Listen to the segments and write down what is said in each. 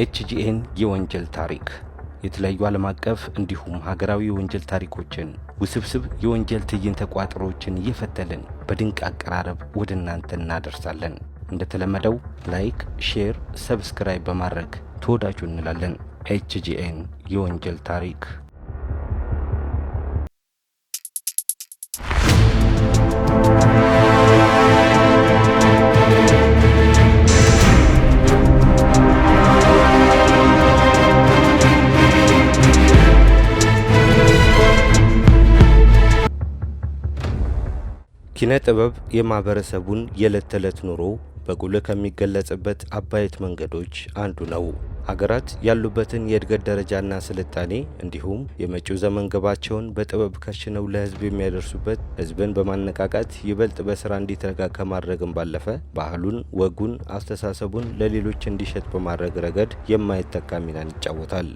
ኤችጂኤን የወንጀል ታሪክ የተለያዩ ዓለም አቀፍ እንዲሁም ሀገራዊ የወንጀል ታሪኮችን ውስብስብ የወንጀል ትዕይንተ ቋጠሮችን እየፈተልን በድንቅ አቀራረብ ወደ እናንተ እናደርሳለን። እንደተለመደው ላይክ፣ ሼር፣ ሰብስክራይብ በማድረግ ተወዳጁ እንላለን። ኤችጂኤን የወንጀል ታሪክ ኪነ ጥበብ የማህበረሰቡን የዕለት ተዕለት ኑሮ በጉልህ ከሚገለጽበት አበይት መንገዶች አንዱ ነው። ሀገራት ያሉበትን የእድገት ደረጃና ስልጣኔ እንዲሁም የመጪው ዘመን ግባቸውን በጥበብ ከሽነው ለህዝብ የሚያደርሱበት ህዝብን በማነቃቃት ይበልጥ በስራ እንዲተጋ ከማድረግም ባለፈ ባህሉን፣ ወጉን፣ አስተሳሰቡን ለሌሎች እንዲሸጥ በማድረግ ረገድ የማይተካ ሚናን ይጫወታል።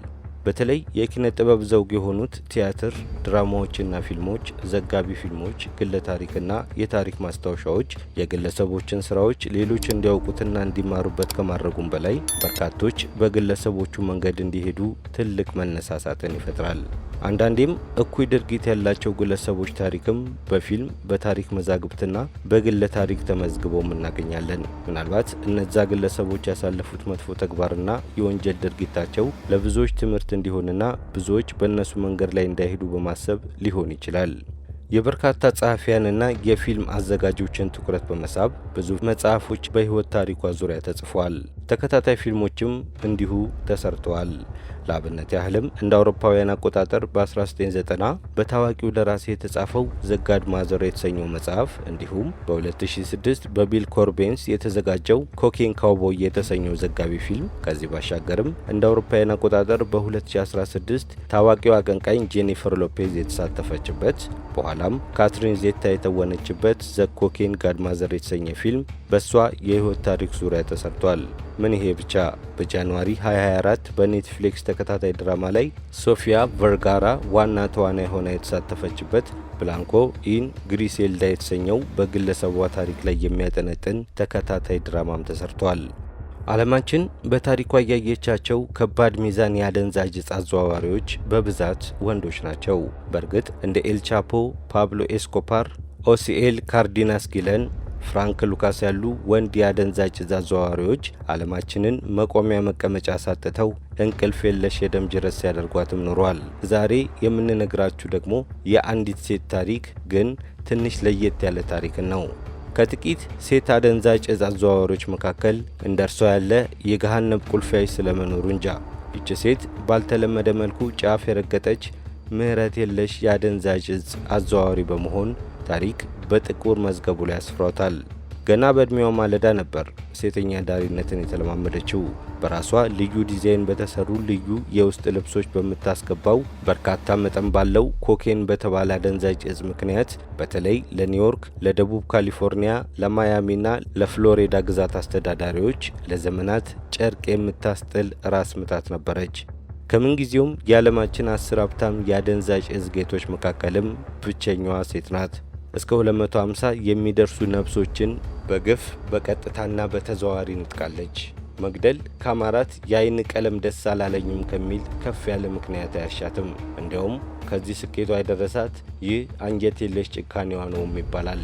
በተለይ የኪነ ጥበብ ዘውግ የሆኑት ቲያትር፣ ድራማዎችና ፊልሞች፣ ዘጋቢ ፊልሞች፣ ግለ ታሪክና የታሪክ ማስታወሻዎች የግለሰቦችን ስራዎች ሌሎች እንዲያውቁትና እንዲማሩበት ከማድረጉም በላይ በርካቶች በግለሰቦቹ መንገድ እንዲሄዱ ትልቅ መነሳሳትን ይፈጥራል። አንዳንዴም እኩይ ድርጊት ያላቸው ግለሰቦች ታሪክም በፊልም በታሪክ መዛግብትና በግለ ታሪክ ተመዝግበውም እናገኛለን። ምናልባት እነዛ ግለሰቦች ያሳለፉት መጥፎ ተግባርና የወንጀል ድርጊታቸው ለብዙዎች ትምህርት እንዲሆንና ብዙዎች በእነሱ መንገድ ላይ እንዳይሄዱ በማሰብ ሊሆን ይችላል። የበርካታ ጸሐፊያንና የፊልም አዘጋጆችን ትኩረት በመሳብ ብዙ መጽሐፎች በሕይወት ታሪኳ ዙሪያ ተጽፏል። ተከታታይ ፊልሞችም እንዲሁ ተሰርተዋል። ለአብነት ያህልም እንደ አውሮፓውያን አቆጣጠር በ1990 በታዋቂው ደራሲ የተጻፈው ዘጋድ ጋድ ማዘር የተሰኘው መጽሐፍ እንዲሁም በ2006 በቢል ኮርቤንስ የተዘጋጀው ኮኬን ካውቦይ የተሰኘው ዘጋቢ ፊልም። ከዚህ ባሻገርም እንደ አውሮፓውያን አቆጣጠር በ2016 ታዋቂው አቀንቃኝ ጄኒፈር ሎፔዝ የተሳተፈችበት በኋላም ካትሪን ዜታ የተወነችበት ዘ ኮኬን ጋድማዘር የተሰኘ ፊልም በእሷ የህይወት ታሪክ ዙሪያ ተሰርቷል። ምን ይሄ ብቻ በጃንዋሪ 2024 በኔትፍሊክስ ተከታታይ ድራማ ላይ ሶፊያ ቨርጋራ ዋና ተዋናይ ሆና የተሳተፈችበት ብላንኮ ኢን ግሪሴልዳ የተሰኘው በግለሰቧ ታሪክ ላይ የሚያጠነጥን ተከታታይ ድራማም ተሰርቷል። ዓለማችን በታሪኳ እያየቻቸው ከባድ ሚዛን የአደንዛዥ ዕፅ አዘዋዋሪዎች በብዛት ወንዶች ናቸው። በእርግጥ እንደ ኤልቻፖ፣ ፓብሎ ኤስኮፓር ኦሲኤል ካርዲናስ ጊለን ፍራንክ ሉካስ ያሉ ወንድ የአደንዛዥ ዕፅ አዘዋዋሪዎች ዓለማችንን መቆሚያ መቀመጫ አሳጥተው እንቅልፍ የለሽ የደም ጅረት ሲያደርጓትም ኖሯል። ዛሬ የምንነግራችሁ ደግሞ የአንዲት ሴት ታሪክ ግን ትንሽ ለየት ያለ ታሪክን ነው። ከጥቂት ሴት አደንዛዥ ዕፅ አዘዋዋሪዎች መካከል እንደ እርሷ ያለ የገሃነብ ቁልፊያጅ ስለመኖሩ እንጃ። ይቺ ሴት ባልተለመደ መልኩ ጫፍ የረገጠች ምህረት የለሽ የአደንዛዥ እጽ አዘዋዋሪ በመሆን ታሪክ በጥቁር መዝገቡ ላይ አስፍሯታል። ገና በእድሜዋ ማለዳ ነበር ሴተኛ ዳሪነትን የተለማመደችው። በራሷ ልዩ ዲዛይን በተሰሩ ልዩ የውስጥ ልብሶች በምታስገባው በርካታ መጠን ባለው ኮኬን በተባለ አደንዛዥ እጽ ምክንያት በተለይ ለኒውዮርክ፣ ለደቡብ ካሊፎርኒያ፣ ለማያሚና ለፍሎሪዳ ግዛት አስተዳዳሪዎች ለዘመናት ጨርቅ የምታስጥል ራስ ምታት ነበረች። ከምንጊዜውም የዓለማችን አስር ሀብታም የአደንዛዥ እጽ ጌቶች መካከልም ብቸኛዋ ሴት ናት። እስከ 250 የሚደርሱ ነፍሶችን በግፍ በቀጥታና በተዘዋዋሪ ንጥቃለች። መግደል ከአማራት የአይን ቀለም ደስ አላለኝም ከሚል ከፍ ያለ ምክንያት አያሻትም። እንዲያውም ከዚህ ስኬቷ የደረሳት ይህ አንጀት የለሽ ጭካኔዋ ነውም ይባላል።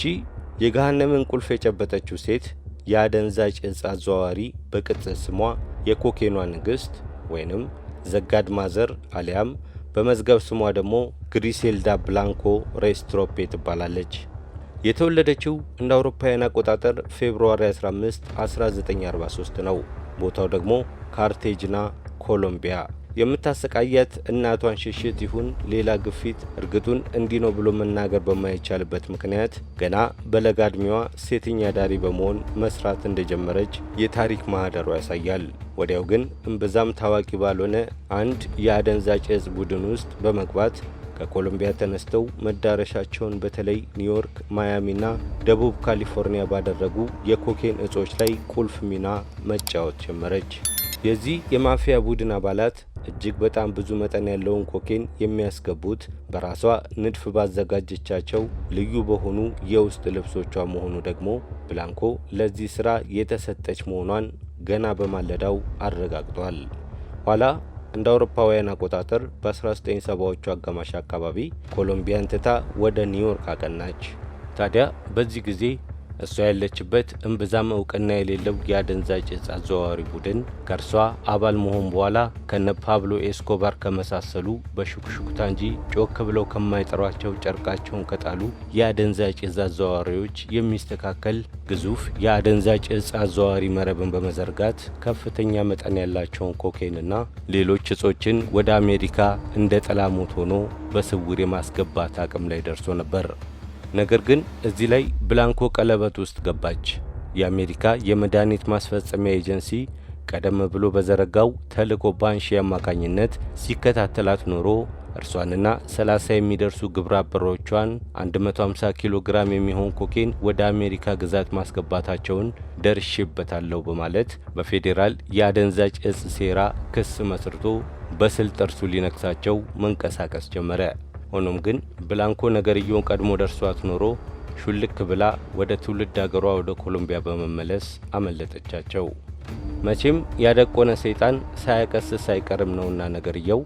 ይቺ የገሃነምን ቁልፍ የጨበጠችው ሴት የአደንዛጭ ዕፅ አዘዋዋሪ በቅጽል ስሟ የኮኬኗ ንግሥት ወይንም ዘጋድ ማዘር አሊያም በመዝገብ ስሟ ደግሞ ግሪሴልዳ ብላንኮ ሬስትሮፔ ትባላለች። የተወለደችው እንደ አውሮፓውያን አቆጣጠር ፌብርዋሪ 15 1943 ነው። ቦታው ደግሞ ካርቴጅና ኮሎምቢያ የምታሰቃያት እናቷን ሽሽት ይሁን ሌላ ግፊት እርግጡን እንዲህ ነው ብሎ መናገር በማይቻልበት ምክንያት ገና በለጋ ዕድሜዋ ሴትኛ ዳሪ በመሆን መስራት እንደጀመረች የታሪክ ማህደሯ ያሳያል። ወዲያው ግን እምብዛም ታዋቂ ባልሆነ አንድ የአደንዛዥ ዕፅ ቡድን ውስጥ በመግባት ከኮሎምቢያ ተነስተው መዳረሻቸውን በተለይ ኒውዮርክ፣ ማያሚና ደቡብ ካሊፎርኒያ ባደረጉ የኮኬን እጾች ላይ ቁልፍ ሚና መጫወት ጀመረች። የዚህ የማፊያ ቡድን አባላት እጅግ በጣም ብዙ መጠን ያለውን ኮኬን የሚያስገቡት በራሷ ንድፍ ባዘጋጀቻቸው ልዩ በሆኑ የውስጥ ልብሶቿ መሆኑ ደግሞ ብላንኮ ለዚህ ስራ የተሰጠች መሆኗን ገና በማለዳው አረጋግጧል። ኋላ እንደ አውሮፓውያን አቆጣጠር በ1970ዎቹ አጋማሽ አካባቢ ኮሎምቢያን ትታ ወደ ኒውዮርክ አቀናች። ታዲያ በዚህ ጊዜ እሷ ያለችበት እምብዛም እውቅና የሌለው የአደንዛዥ እጽ አዘዋዋሪ ቡድን ከእርሷ አባል መሆን በኋላ ከነ ፓብሎ ኤስኮባር ከመሳሰሉ በሹክሹክታ እንጂ ጮክ ብለው ከማይጠሯቸው ጨርቃቸውን ከጣሉ የአደንዛዥ እጽ አዘዋዋሪዎች የሚስተካከል ግዙፍ የአደንዛዥ እጽ አዘዋዋሪ መረብን በመዘርጋት ከፍተኛ መጠን ያላቸውን ኮኬንና ሌሎች እጾችን ወደ አሜሪካ እንደ ጠላሞት ሆኖ በስውር የማስገባት አቅም ላይ ደርሶ ነበር። ነገር ግን እዚህ ላይ ብላንኮ ቀለበት ውስጥ ገባች። የአሜሪካ የመድኃኒት ማስፈጸሚያ ኤጀንሲ ቀደም ብሎ በዘረጋው ተልዕኮ ባንሺ አማካኝነት ሲከታተላት ኖሮ እርሷንና 30 የሚደርሱ ግብረ አበሮቿን 150 ኪሎ ግራም የሚሆን ኮኬን ወደ አሜሪካ ግዛት ማስገባታቸውን ደርሽበታለሁ በማለት በፌዴራል የአደንዛጭ እጽ ሴራ ክስ መስርቶ በስል ጥርሱ ሊነክሳቸው መንቀሳቀስ ጀመረ። ሆኖም ግን ብላንኮ ነገርየውን ቀድሞ ደርሷት ኖሮ ሹልክ ብላ ወደ ትውልድ አገሯ ወደ ኮሎምቢያ በመመለስ አመለጠቻቸው። መቼም ያደቆነ ሰይጣን ሳያቀስስ አይቀርም ነውና ነገርየው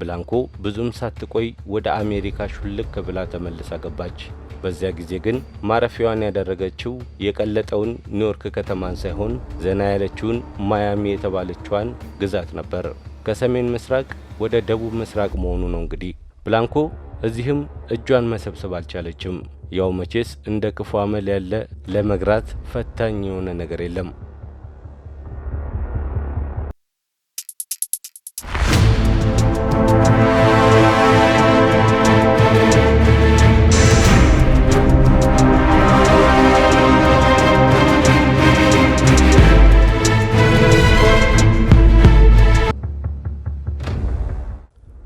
ብላንኮ ብዙም ሳትቆይ ወደ አሜሪካ ሹልክ ብላ ተመልሳ ገባች። በዚያ ጊዜ ግን ማረፊያዋን ያደረገችው የቀለጠውን ኒውዮርክ ከተማን ሳይሆን ዘና ያለችውን ማያሚ የተባለችዋን ግዛት ነበር። ከሰሜን ምስራቅ ወደ ደቡብ ምስራቅ መሆኑ ነው እንግዲህ ብላንኮ እዚህም እጇን መሰብሰብ አልቻለችም። ያው መቼስ እንደ ክፉ አመል ያለ ለመግራት ፈታኝ የሆነ ነገር የለም።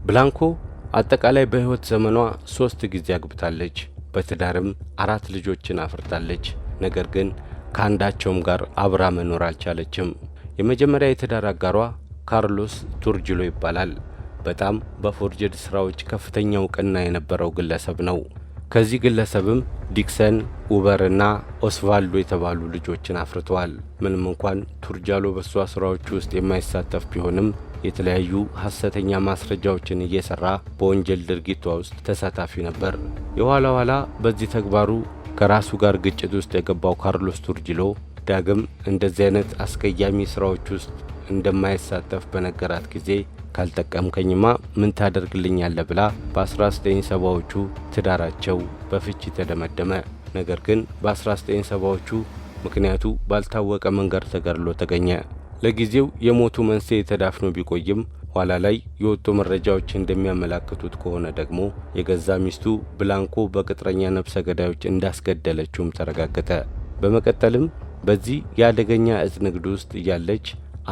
ብላንኮ አጠቃላይ በሕይወት ዘመኗ ሶስት ጊዜ አግብታለች። በትዳርም አራት ልጆችን አፍርታለች። ነገር ግን ከአንዳቸውም ጋር አብራ መኖር አልቻለችም። የመጀመሪያ የትዳር አጋሯ ካርሎስ ቱርጅሎ ይባላል። በጣም በፎርጀድ ሥራዎች ከፍተኛ እውቅና የነበረው ግለሰብ ነው። ከዚህ ግለሰብም ዲክሰን እና ኦስቫልዶ የተባሉ ልጆችን አፍርተዋል። ምንም እንኳን ቱርጃሎ በእሷ ስራዎች ውስጥ የማይሳተፍ ቢሆንም የተለያዩ ሐሰተኛ ማስረጃዎችን እየሰራ በወንጀል ድርጊቷ ውስጥ ተሳታፊ ነበር። የኋላ ኋላ በዚህ ተግባሩ ከራሱ ጋር ግጭት ውስጥ የገባው ካርሎስ ቱርጅሎ ዳግም እንደዚህ አይነት አስቀያሚ ስራዎች ውስጥ እንደማይሳተፍ በነገራት ጊዜ ካልጠቀምከኝማ ምን ታደርግልኛለ ብላ በ1970ዎቹ ትዳራቸው በፍቺ ተደመደመ። ነገር ግን በ1970ዎቹ ምክንያቱ ባልታወቀ መንገድ ተገድሎ ተገኘ። ለጊዜው የሞቱ መንስኤ ተዳፍኖ ቢቆይም ኋላ ላይ የወጡ መረጃዎች እንደሚያመላክቱት ከሆነ ደግሞ የገዛ ሚስቱ ብላንኮ በቅጥረኛ ነፍሰ ገዳዮች እንዳስገደለችውም ተረጋገጠ። በመቀጠልም በዚህ የአደገኛ እጽ ንግድ ውስጥ እያለች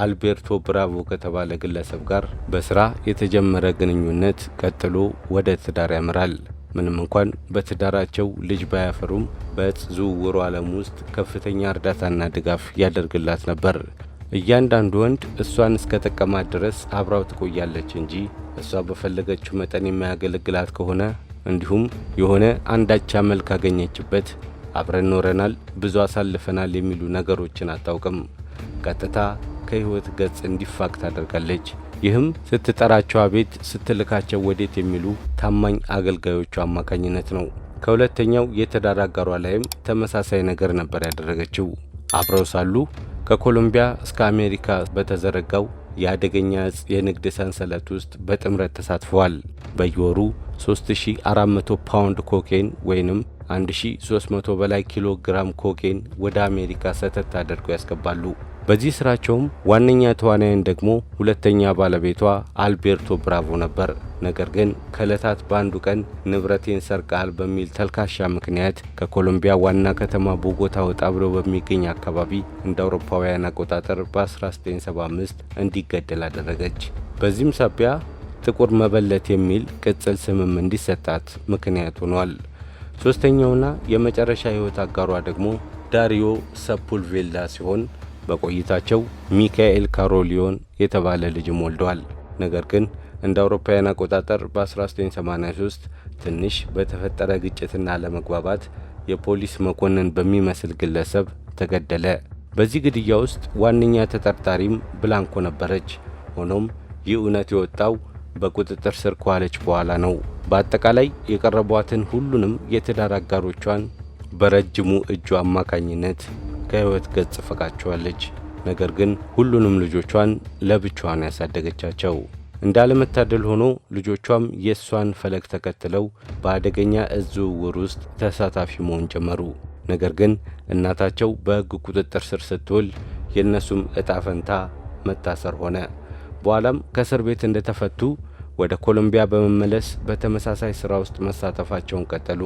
አልቤርቶ ብራቮ ከተባለ ግለሰብ ጋር በስራ የተጀመረ ግንኙነት ቀጥሎ ወደ ትዳር ያምራል። ምንም እንኳን በትዳራቸው ልጅ ባያፈሩም በእጽ ዝውውሩ ዓለም ውስጥ ከፍተኛ እርዳታና ድጋፍ ያደርግላት ነበር። እያንዳንዱ ወንድ እሷን እስከ ጠቀማት ድረስ አብራው ትቆያለች እንጂ እሷ በፈለገችው መጠን የማያገለግላት ከሆነ እንዲሁም የሆነ አንዳች መልክ አገኘችበት አብረን ኖረናል፣ ብዙ አሳልፈናል የሚሉ ነገሮችን አታውቅም። ቀጥታ ከህይወት ገጽ እንዲፋቅ ታደርጋለች። ይህም ስትጠራቸው አቤት፣ ስትልካቸው ወዴት የሚሉ ታማኝ አገልጋዮቹ አማካኝነት ነው። ከሁለተኛው የትዳር አጋሯ ላይም ተመሳሳይ ነገር ነበር ያደረገችው። አብረው ሳሉ ከኮሎምቢያ እስከ አሜሪካ በተዘረጋው የአደገኛ እጽ የንግድ ሰንሰለት ውስጥ በጥምረት ተሳትፈዋል። በየወሩ 3400 ፓውንድ ኮኬን ወይንም 1300 በላይ ኪሎ ግራም ኮኬን ወደ አሜሪካ ሰተት አድርገው ያስገባሉ። በዚህ ስራቸውም ዋነኛ ተዋናይን ደግሞ ሁለተኛ ባለቤቷ አልቤርቶ ብራቮ ነበር። ነገር ግን ከለታት በአንዱ ቀን ንብረቴን ሰርቀሃል በሚል ተልካሻ ምክንያት ከኮሎምቢያ ዋና ከተማ ቦጎታ ወጣ ብሎ በሚገኝ አካባቢ እንደ አውሮፓውያን አቆጣጠር በ1975 እንዲገደል አደረገች። በዚህም ሳቢያ ጥቁር መበለት የሚል ቅጽል ስምም እንዲሰጣት ምክንያት ሆኗል። ሶስተኛውና የመጨረሻ ህይወት አጋሯ ደግሞ ዳሪዮ ሰፑልቬልዳ ሲሆን በቆይታቸው ሚካኤል ካሮሊዮን የተባለ ልጅም ወልደዋል። ነገር ግን እንደ አውሮፓውያን አቆጣጠር በ1983 ትንሽ በተፈጠረ ግጭትና ለመግባባት የፖሊስ መኮንን በሚመስል ግለሰብ ተገደለ። በዚህ ግድያ ውስጥ ዋነኛ ተጠርጣሪም ብላንኮ ነበረች። ሆኖም ይህ እውነት የወጣው በቁጥጥር ስር ከዋለች በኋላ ነው። በአጠቃላይ የቀረቧትን ሁሉንም የትዳር አጋሮቿን በረጅሙ እጁ አማካኝነት ከህይወት ገጽ ፈቃቸዋለች። ነገር ግን ሁሉንም ልጆቿን ለብቻዋን ያሳደገቻቸው። እንዳለመታደል ሆኖ ልጆቿም የእሷን ፈለግ ተከትለው በአደገኛ እጽ ዝውውር ውስጥ ተሳታፊ መሆን ጀመሩ። ነገር ግን እናታቸው በሕግ ቁጥጥር ስር ስትውል የእነሱም ዕጣ ፈንታ መታሰር ሆነ። በኋላም ከእስር ቤት እንደተፈቱ ወደ ኮሎምቢያ በመመለስ በተመሳሳይ ሥራ ውስጥ መሳተፋቸውን ቀጠሉ።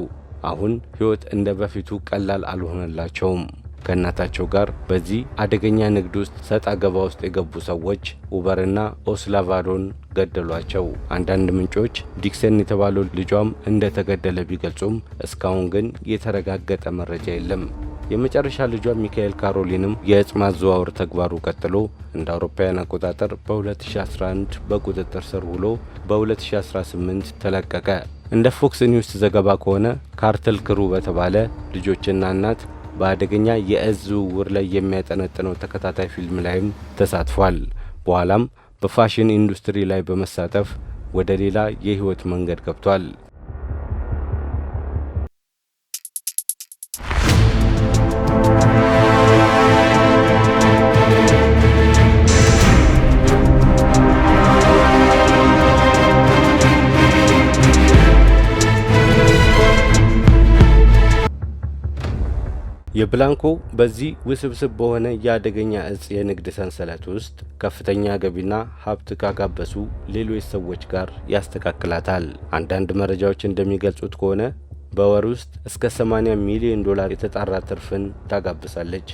አሁን ሕይወት እንደ በፊቱ ቀላል አልሆነላቸውም። ከእናታቸው ጋር በዚህ አደገኛ ንግድ ውስጥ ሰጥ አገባ ውስጥ የገቡ ሰዎች ኡበርና ኦስላቫዶን ገደሏቸው። አንዳንድ ምንጮች ዲክሰን የተባለው ልጇም እንደተገደለ ቢገልጹም እስካሁን ግን የተረጋገጠ መረጃ የለም። የመጨረሻ ልጇ ሚካኤል ካሮሊንም የእጽ ማዘዋወር ተግባሩ ቀጥሎ እንደ አውሮፓውያን አቆጣጠር በ2011 በቁጥጥር ስር ውሎ በ2018 ተለቀቀ። እንደ ፎክስ ኒውስ ዘገባ ከሆነ ካርተል ክሩ በተባለ ልጆችና እናት በአደገኛ የእጽ ዝውውር ላይ የሚያጠነጥነው ተከታታይ ፊልም ላይም ተሳትፏል። በኋላም በፋሽን ኢንዱስትሪ ላይ በመሳተፍ ወደ ሌላ የህይወት መንገድ ገብቷል። የብላንኮ በዚህ ውስብስብ በሆነ የአደገኛ እጽ የንግድ ሰንሰለት ውስጥ ከፍተኛ ገቢና ሀብት ካጋበሱ ሌሎች ሰዎች ጋር ያስተካክላታል። አንዳንድ መረጃዎች እንደሚገልጹት ከሆነ በወር ውስጥ እስከ 80 ሚሊዮን ዶላር የተጣራ ትርፍን ታጋብሳለች።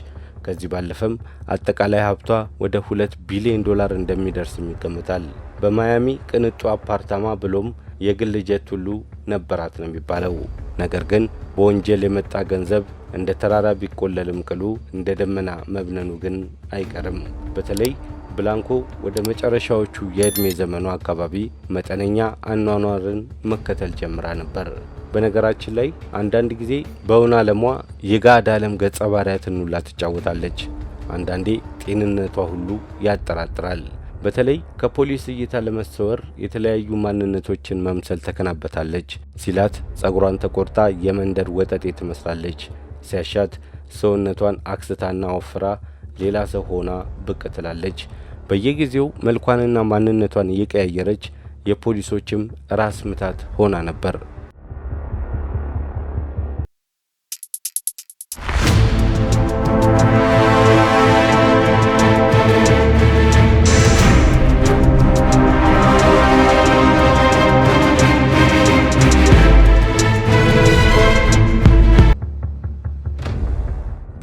ከዚህ ባለፈም አጠቃላይ ሀብቷ ወደ 2 ቢሊዮን ዶላር እንደሚደርስም ይገምታል። በማያሚ ቅንጡ አፓርታማ ብሎም የግል ጀት ሁሉ ነበራት ነው የሚባለው። ነገር ግን በወንጀል የመጣ ገንዘብ እንደ ተራራ ቢቆለልም ቅሉ እንደ ደመና መብነኑ ግን አይቀርም። በተለይ ብላንኮ ወደ መጨረሻዎቹ የዕድሜ ዘመኑ አካባቢ መጠነኛ አኗኗርን መከተል ጀምራ ነበር። በነገራችን ላይ አንዳንድ ጊዜ በእውን ዓለሟ የጋድ ዓለም ገጸ ባህሪያትን ሁላ ትጫወታለች። አንዳንዴ ጤንነቷ ሁሉ ያጠራጥራል። በተለይ ከፖሊስ እይታ ለመሰወር የተለያዩ ማንነቶችን መምሰል ተከናበታለች። ሲላት ጸጉሯን ተቆርጣ የመንደር ወጠጤ ትመስላለች። ሲያሻት ሰውነቷን አክስታና ወፍራ ሌላ ሰው ሆና ብቅ ትላለች። በየጊዜው መልኳንና ማንነቷን እየቀያየረች የፖሊሶችም ራስ ምታት ሆና ነበር።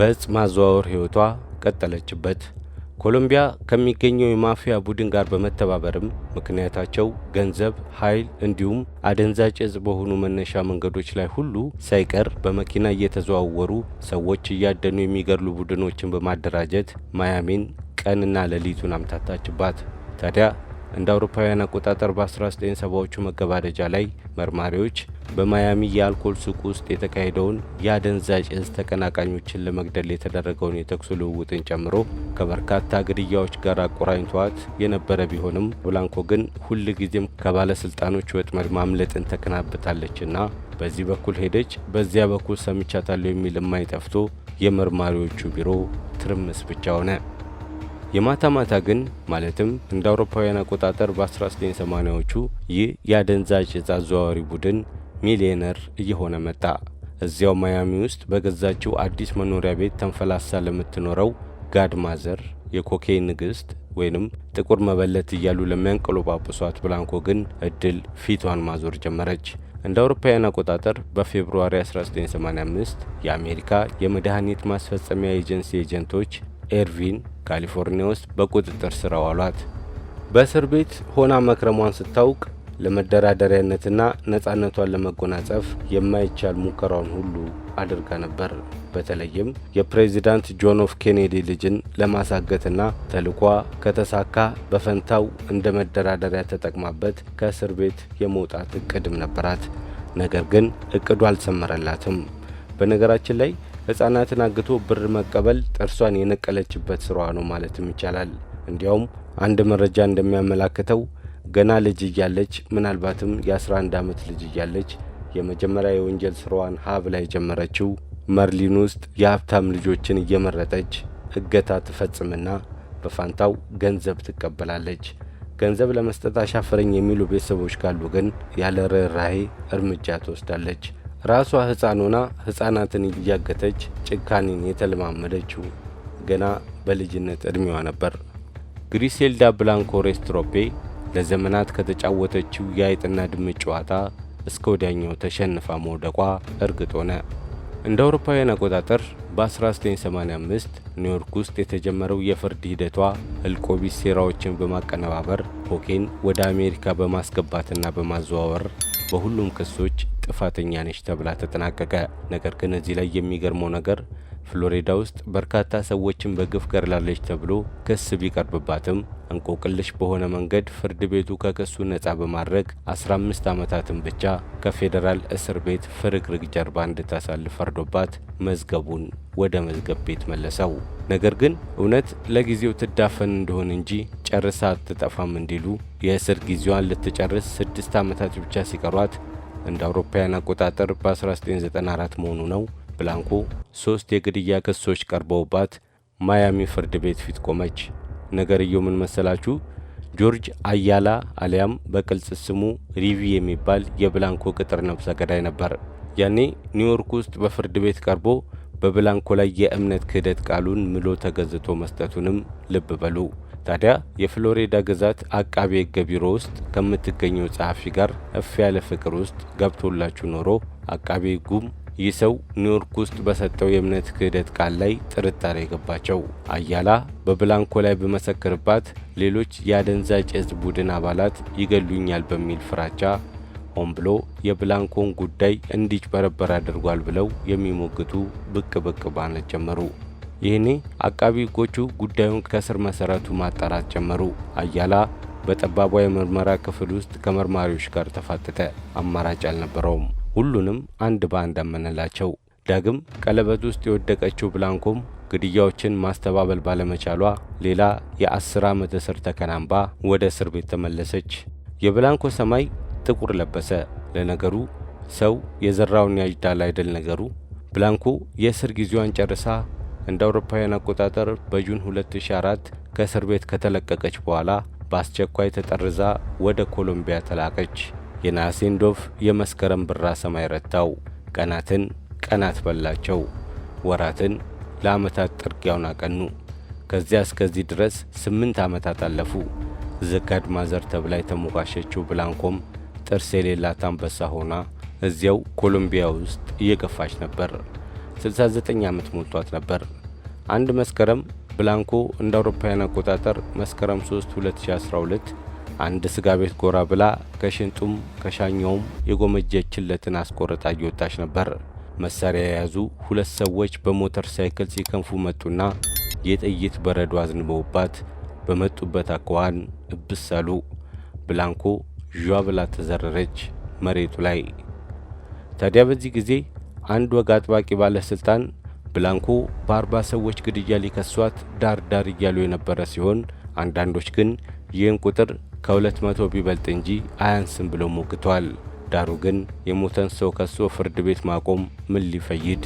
በእጽ ማዘዋወር ሕይወቷ ቀጠለችበት። ኮሎምቢያ ከሚገኘው የማፊያ ቡድን ጋር በመተባበርም ምክንያታቸው ገንዘብ፣ ኃይል እንዲሁም አደንዛዥ እጽ በሆኑ መነሻ መንገዶች ላይ ሁሉ ሳይቀር በመኪና እየተዘዋወሩ ሰዎች እያደኑ የሚገድሉ ቡድኖችን በማደራጀት ማያሚን ቀንና ሌሊቱን አምታታችባት። ታዲያ እንደ አውሮፓውያን አቆጣጠር በ1970ዎቹ መገባደጃ ላይ መርማሪዎች በማያሚ የአልኮል ሱቅ ውስጥ የተካሄደውን የአደንዛዥ እጽ ተቀናቃኞችን ለመግደል የተደረገውን የተኩስ ልውውጥን ጨምሮ ከበርካታ ግድያዎች ጋር አቆራኝቷት የነበረ ቢሆንም ብላንኮ ግን ሁል ጊዜም ከባለስልጣኖች ወጥመድ ማምለጥን ተከናብታለችና በዚህ በኩል ሄደች፣ በዚያ በኩል ሰምቻታለሁ የሚል የማይጠፍቶ የመርማሪዎቹ ቢሮ ትርምስ ብቻ ሆነ። የማታ ማታ ግን ማለትም እንደ አውሮፓውያን አቆጣጠር በ1980ዎቹ ይህ የአደንዛዥ እጽ አዘዋዋሪ ቡድን ሚሊዮነር እየሆነ መጣ። እዚያው ማያሚ ውስጥ በገዛችው አዲስ መኖሪያ ቤት ተንፈላሳ ለምትኖረው ጋድ ማዘር የኮኬይን ንግሥት ወይንም ጥቁር መበለት እያሉ ለሚያንቀለጳጵሷት ብላንኮ ግን እድል ፊቷን ማዞር ጀመረች። እንደ አውሮፓውያን አቆጣጠር በፌብሩዋሪ 1985 የአሜሪካ የመድኃኒት ማስፈጸሚያ ኤጀንሲ ኤጀንቶች ኤርቪን ካሊፎርኒያ ውስጥ በቁጥጥር ስር አዋሏት። በእስር ቤት ሆና መክረሟን ስታውቅ ለመደራደሪያነትና ነፃነቷን ለመጎናጸፍ የማይቻል ሙከራውን ሁሉ አድርጋ ነበር። በተለይም የፕሬዚዳንት ጆን ኤፍ ኬኔዲ ልጅን ለማሳገትና ተልኳ ከተሳካ በፈንታው እንደ መደራደሪያ ተጠቅማበት ከእስር ቤት የመውጣት እቅድም ነበራት። ነገር ግን እቅዱ አልሰመረላትም። በነገራችን ላይ ህጻናትን አግቶ ብር መቀበል ጥርሷን የነቀለችበት ስራዋ ነው ማለትም ይቻላል። እንዲያውም አንድ መረጃ እንደሚያመላክተው ገና ልጅ እያለች ምናልባትም የ11 ዓመት ልጅ እያለች የመጀመሪያ የወንጀል ስራዋን ሀብ ላይ ጀመረችው። መርሊን ውስጥ የሀብታም ልጆችን እየመረጠች እገታ ትፈጽምና በፋንታው ገንዘብ ትቀበላለች። ገንዘብ ለመስጠት አሻፈረኝ የሚሉ ቤተሰቦች ካሉ ግን ያለ ርኅራሄ እርምጃ ትወስዳለች። ራሷ ሕፃን ሆና ሕፃናትን እያገተች ጭካኔን የተለማመደችው ገና በልጅነት እድሜዋ ነበር። ግሪሴልዳ ብላንኮ ሬስትሮፔ ለዘመናት ከተጫወተችው የአይጥና ድመት ጨዋታ እስከ ወዲያኛው ተሸንፋ መውደቋ እርግጥ ሆነ። እንደ አውሮፓውያን አቆጣጠር በ1985 ኒውዮርክ ውስጥ የተጀመረው የፍርድ ሂደቷ ህልቆቢስ ሴራዎችን በማቀነባበር ኮኬን ወደ አሜሪካ በማስገባትና በማዘዋወር በሁሉም ክሶች ጥፋተኛ ነች ተብላ ተጠናቀቀ። ነገር ግን እዚህ ላይ የሚገርመው ነገር ፍሎሪዳ ውስጥ በርካታ ሰዎችን በግፍ ገድላለች ተብሎ ክስ ቢቀርብባትም እንቆቅልሽ በሆነ መንገድ ፍርድ ቤቱ ከክሱ ነፃ በማድረግ 15 ዓመታትን ብቻ ከፌዴራል እስር ቤት ፍርግርግ ጀርባ እንድታሳልፍ ፈርዶባት መዝገቡን ወደ መዝገብ ቤት መለሰው። ነገር ግን እውነት ለጊዜው ትዳፈን እንደሆን እንጂ ጨርሳ አትጠፋም እንዲሉ የእስር ጊዜዋን ልትጨርስ ስድስት ዓመታት ብቻ ሲቀሯት እንደ አውሮፓውያን አቆጣጠር በ1994 መሆኑ ነው። ብላንኮ ሶስት የግድያ ክሶች ቀርበውባት ማያሚ ፍርድ ቤት ፊት ቆመች። ነገርየው ምን መሰላችሁ? ጆርጅ አያላ አሊያም በቅልጽ ስሙ ሪቪ የሚባል የብላንኮ ቅጥር ነብሰ ገዳይ ነበር። ያኔ ኒውዮርክ ውስጥ በፍርድ ቤት ቀርቦ በብላንኮ ላይ የእምነት ክህደት ቃሉን ምሎ ተገዝቶ መስጠቱንም ልብ በሉ። ታዲያ የፍሎሪዳ ግዛት አቃቤ ሕግ ቢሮ ውስጥ ከምትገኘው ጸሐፊ ጋር እፍ ያለ ፍቅር ውስጥ ገብቶላችሁ ኖሮ አቃቤ ሕጉም ይህ ሰው ኒውዮርክ ውስጥ በሰጠው የእምነት ክህደት ቃል ላይ ጥርጣሬ የገባቸው አያላ በብላንኮ ላይ በመሰክርባት ሌሎች የአደንዛዥ ዕፅ ቡድን አባላት ይገሉኛል በሚል ፍራቻ ሆን ብሎ የብላንኮን ጉዳይ እንዲጭበረበር አድርጓል ብለው የሚሞግቱ ብቅ ብቅ ባነት ጀመሩ። ይህኔ አቃቢ ህጎቹ ጉዳዩን ከስር መሰረቱ ማጣራት ጀመሩ። አያላ በጠባቧ የምርመራ ክፍል ውስጥ ከመርማሪዎች ጋር ተፋጠጠ። አማራጭ አልነበረውም። ሁሉንም አንድ በአንድ አመነላቸው። ዳግም ቀለበት ውስጥ የወደቀችው ብላንኮም ግድያዎችን ማስተባበል ባለመቻሏ ሌላ የአስር ዓመት እስር ተከናንባ ወደ እስር ቤት ተመለሰች። የብላንኮ ሰማይ ጥቁር ለበሰ። ለነገሩ ሰው የዘራውን ያጅዳል አይደል ነገሩ። ብላንኮ የእስር ጊዜዋን ጨርሳ እንደ አውሮፓውያን አቆጣጠር በጁን 2004 ከእስር ቤት ከተለቀቀች በኋላ በአስቸኳይ ተጠርዛ ወደ ኮሎምቢያ ተላከች። የነሐሴን ዶፍ የመስከረም ብራ ሰማይ ረታው። ቀናትን ቀናት በላቸው፣ ወራትን ለዓመታት ጥርጊያውን አቀኑ። ከዚያ እስከዚህ ድረስ ስምንት ዓመታት አለፉ። ዘጋድ ማዘር ተብላ የተሞካሸችው ብላንኮም ጥርስ የሌላት አንበሳ ሆና እዚያው ኮሎምቢያ ውስጥ እየገፋች ነበር። 69 ዓመት ሞልቷት ነበር። አንድ መስከረም ብላንኮ እንደ አውሮፓውያን አቆጣጠር መስከረም 3 2012 አንድ ስጋ ቤት ጎራ ብላ ከሽንጡም ከሻኛውም የጎመጀችለትን አስቆርጣ እየወጣች ነበር። መሳሪያ የያዙ ሁለት ሰዎች በሞተር ሳይክል ሲከንፉ መጡና የጥይት በረዶ አዝንበውባት በመጡበት አኳኋን እብስ አሉ። ብላንኮ ዣ ብላ ተዘረረች መሬቱ ላይ። ታዲያ በዚህ ጊዜ አንድ ወግ አጥባቂ ባለስልጣን ብላንኮ በአርባ ሰዎች ግድያ ሊከሷት ዳር ዳር እያሉ የነበረ ሲሆን አንዳንዶች ግን ይህን ቁጥር ከሁለት መቶ ቢበልጥ እንጂ አያንስም ብለው ሞግተዋል። ዳሩ ግን የሞተን ሰው ከሶ ፍርድ ቤት ማቆም ምን ሊፈይድ